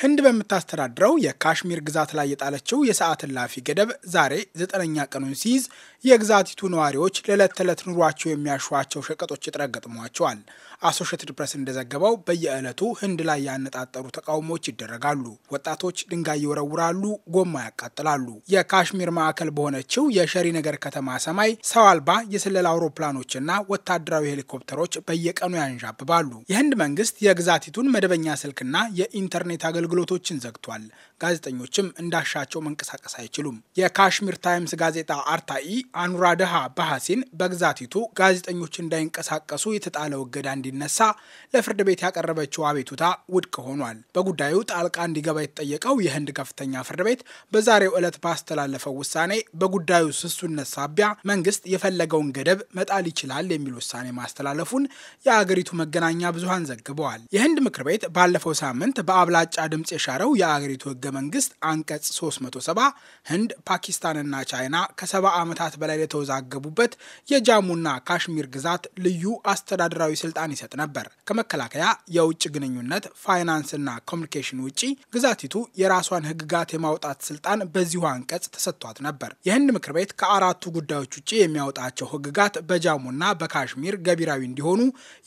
ህንድ በምታስተዳድረው የካሽሚር ግዛት ላይ የጣለችው የሰዓት እላፊ ገደብ ዛሬ ዘጠነኛ ቀኑን ሲይዝ የግዛቲቱ ነዋሪዎች ለዕለት ተዕለት ኑሯቸው የሚያሿቸው ሸቀጦች እጥረት ገጥሟቸዋል። አሶሽትድ ፕሬስ እንደዘገበው በየዕለቱ ህንድ ላይ ያነጣጠሩ ተቃውሞዎች ይደረጋሉ። ወጣቶች ድንጋይ ይወረውራሉ፣ ጎማ ያቃጥላሉ። የካሽሚር ማዕከል በሆነችው የሸሪ ነገር ከተማ ሰማይ ሰው አልባ የስለላ አውሮፕላኖችና ወታደራዊ ሄሊኮፕተሮች በየቀኑ ያንዣብባሉ። የህንድ መንግስት የግዛቲቱን መደበኛ ስልክና የኢንተርኔት አገልግሎ አገልግሎቶችን ዘግቷል። ጋዜጠኞችም እንዳሻቸው መንቀሳቀስ አይችሉም። የካሽሚር ታይምስ ጋዜጣ አርታኢ አኑራደሃ ባሐሲን በግዛቲቱ ጋዜጠኞች እንዳይንቀሳቀሱ የተጣለው እገዳ እንዲነሳ ለፍርድ ቤት ያቀረበችው አቤቱታ ውድቅ ሆኗል። በጉዳዩ ጣልቃ እንዲገባ የተጠየቀው የህንድ ከፍተኛ ፍርድ ቤት በዛሬው ዕለት ባስተላለፈው ውሳኔ በጉዳዩ ስሱነት ሳቢያ መንግስት የፈለገውን ገደብ መጣል ይችላል የሚል ውሳኔ ማስተላለፉን የአገሪቱ መገናኛ ብዙሃን ዘግበዋል። የህንድ ምክር ቤት ባለፈው ሳምንት በአብላጫ ድምፅ የሻረው የአገሪቱ ህገ መንግስት አንቀጽ 370 ህንድ፣ ፓኪስታንና ቻይና ከሰባ ዓመታት በላይ ለተወዛገቡበት የጃሙና ካሽሚር ግዛት ልዩ አስተዳደራዊ ስልጣን ይሰጥ ነበር። ከመከላከያ፣ የውጭ ግንኙነት፣ ፋይናንስና ኮሚኒኬሽን ውጪ ግዛቲቱ የራሷን ህግጋት የማውጣት ስልጣን በዚሁ አንቀጽ ተሰጥቷት ነበር። የህንድ ምክር ቤት ከአራቱ ጉዳዮች ውጭ የሚያወጣቸው ህግጋት በጃሙና በካሽሚር ገቢራዊ እንዲሆኑ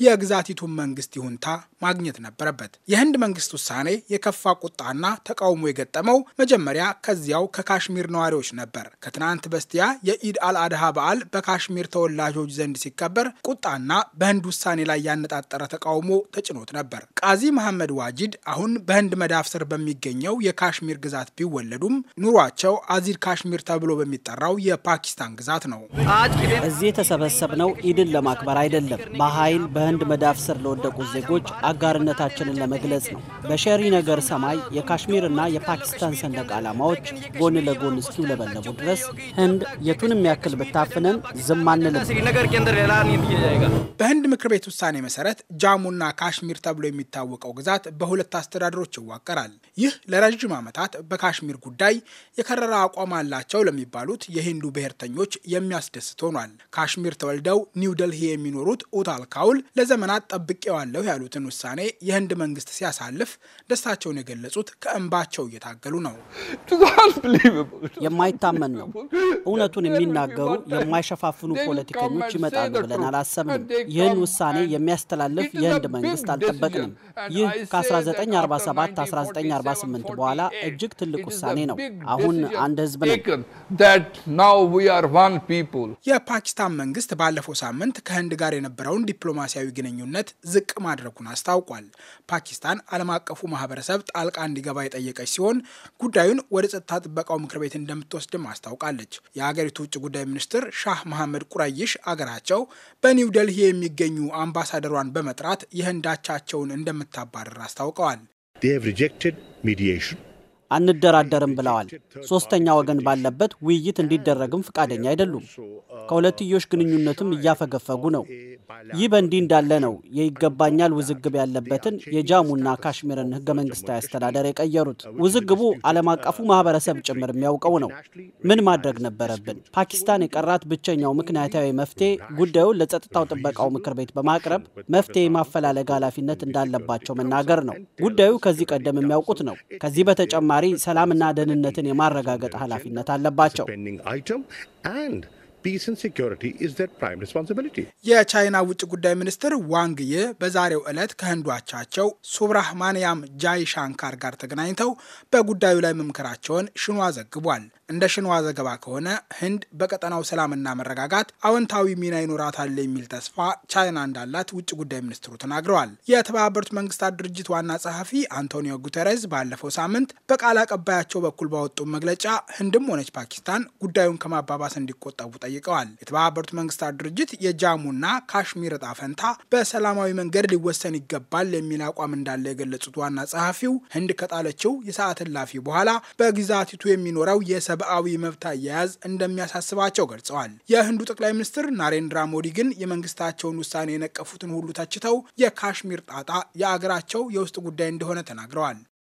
የግዛቲቱን መንግስት ይሁንታ ማግኘት ነበረበት። የህንድ መንግስት ውሳኔ የከፋ የከፋ ቁጣና ተቃውሞ የገጠመው መጀመሪያ ከዚያው ከካሽሚር ነዋሪዎች ነበር። ከትናንት በስቲያ የኢድ አልአድሃ በዓል በካሽሚር ተወላጆች ዘንድ ሲከበር ቁጣና በህንድ ውሳኔ ላይ ያነጣጠረ ተቃውሞ ተጭኖት ነበር። ቃዚ መሐመድ ዋጂድ አሁን በህንድ መዳፍ ስር በሚገኘው የካሽሚር ግዛት ቢወለዱም ኑሯቸው አዚድ ካሽሚር ተብሎ በሚጠራው የፓኪስታን ግዛት ነው። እዚህ የተሰበሰብነው ኢድን ለማክበር አይደለም። በኃይል በህንድ መዳፍ ስር ለወደቁ ዜጎች አጋርነታችንን ለመግለጽ ነው። በሸሪ ነገር ሰማይ የካሽሚርና የፓኪስታን ሰንደቅ ዓላማዎች ጎን ለጎን እስኪውለበለቡ ድረስ ህንድ የቱንም ያክል ብታፍንን ዝም አንልም። በህንድ ምክር ቤት ውሳኔ መሰረት ጃሙና ካሽሚር ተብሎ የሚታወቀው ግዛት በሁለት አስተዳደሮች ይዋቀራል። ይህ ለረዥም ዓመታት በካሽሚር ጉዳይ የከረረ አቋም አላቸው ለሚባሉት የሂንዱ ብሔርተኞች የሚያስደስት ሆኗል። ካሽሚር ተወልደው ኒው ደልሂ የሚኖሩት ኡታል ካውል ለዘመናት ጠብቄዋለሁ ያሉትን ውሳኔ የህንድ መንግስት ሲያሳልፍ ደስታቸውን ደስታቸውን የገለጹት ከእንባቸው እየታገሉ ነው። የማይታመን ነው። እውነቱን የሚናገሩ የማይሸፋፍኑ ፖለቲከኞች ይመጣሉ ብለን አላሰብንም። ይህን ውሳኔ የሚያስተላልፍ የህንድ መንግስት አልጠበቅንም። ይህ ከ1947 1948 በኋላ እጅግ ትልቅ ውሳኔ ነው። አሁን አንድ ህዝብ ነው። የፓኪስታን መንግስት ባለፈው ሳምንት ከህንድ ጋር የነበረውን ዲፕሎማሲያዊ ግንኙነት ዝቅ ማድረጉን አስታውቋል። ፓኪስታን ዓለም አቀፉ ማህበረሰብ ጣልቃ እንዲገባ የጠየቀች ሲሆን ጉዳዩን ወደ ጸጥታ ጥበቃው ምክር ቤት እንደምትወስድም አስታውቃለች። የሀገሪቱ ውጭ ጉዳይ ሚኒስትር ሻህ መሐመድ ቁረይሽ አገራቸው በኒው ደልሂ የሚገኙ አምባሳደሯን በመጥራት የህንዳቻቸውን እንደምታባረር አስታውቀዋል። ሚዲዬሽን አንደራደርም ብለዋል። ሶስተኛ ወገን ባለበት ውይይት እንዲደረግም ፍቃደኛ አይደሉም። ከሁለትዮሽ ግንኙነትም እያፈገፈጉ ነው። ይህ በእንዲህ እንዳለ ነው የይገባኛል ውዝግብ ያለበትን የጃሙና ካሽሚርን ህገ መንግስታዊ አስተዳደር የቀየሩት። ውዝግቡ ዓለም አቀፉ ማህበረሰብ ጭምር የሚያውቀው ነው። ምን ማድረግ ነበረብን? ፓኪስታን የቀራት ብቸኛው ምክንያታዊ መፍትሄ ጉዳዩን ለጸጥታው ጥበቃው ምክር ቤት በማቅረብ መፍትሄ የማፈላለግ ኃላፊነት እንዳለባቸው መናገር ነው። ጉዳዩ ከዚህ ቀደም የሚያውቁት ነው። ከዚህ በተጨማ ተጨማሪ ሰላምና ደህንነትን የማረጋገጥ ኃላፊነት አለባቸው። peace and የቻይና ውጭ ጉዳይ ሚኒስትር ዋንግ ይ በዛሬው ዕለት ከህንዷቻቸው ሱብራህማንያም ጃይ ሻንካር ጋር ተገናኝተው በጉዳዩ ላይ መምከራቸውን ሽኗ ዘግቧል። እንደ ሽንዋ ዘገባ ከሆነ ህንድ በቀጠናው ሰላምና መረጋጋት አዎንታዊ ሚና ይኖራታል የሚል ተስፋ ቻይና እንዳላት ውጭ ጉዳይ ሚኒስትሩ ተናግረዋል። የተባበሩት መንግስታት ድርጅት ዋና ጸሐፊ አንቶኒዮ ጉተረዝ ባለፈው ሳምንት በቃል አቀባያቸው በኩል ባወጡ መግለጫ ህንድም ሆነች ፓኪስታን ጉዳዩን ከማባባስ እንዲቆጠቡ ጠይቀዋል። የተባበሩት መንግስታት ድርጅት የጃሙና ካሽሚር እጣ ፈንታ በሰላማዊ መንገድ ሊወሰን ይገባል የሚል አቋም እንዳለ የገለጹት ዋና ጸሐፊው ህንድ ከጣለችው የሰዓት እላፊ በኋላ በግዛቲቱ የሚኖረው የሰብአዊ መብት አያያዝ እንደሚያሳስባቸው ገልጸዋል። የህንዱ ጠቅላይ ሚኒስትር ናሬንድራ ሞዲ ግን የመንግስታቸውን ውሳኔ የነቀፉትን ሁሉ ተችተው የካሽሚር ጣጣ የአገራቸው የውስጥ ጉዳይ እንደሆነ ተናግረዋል።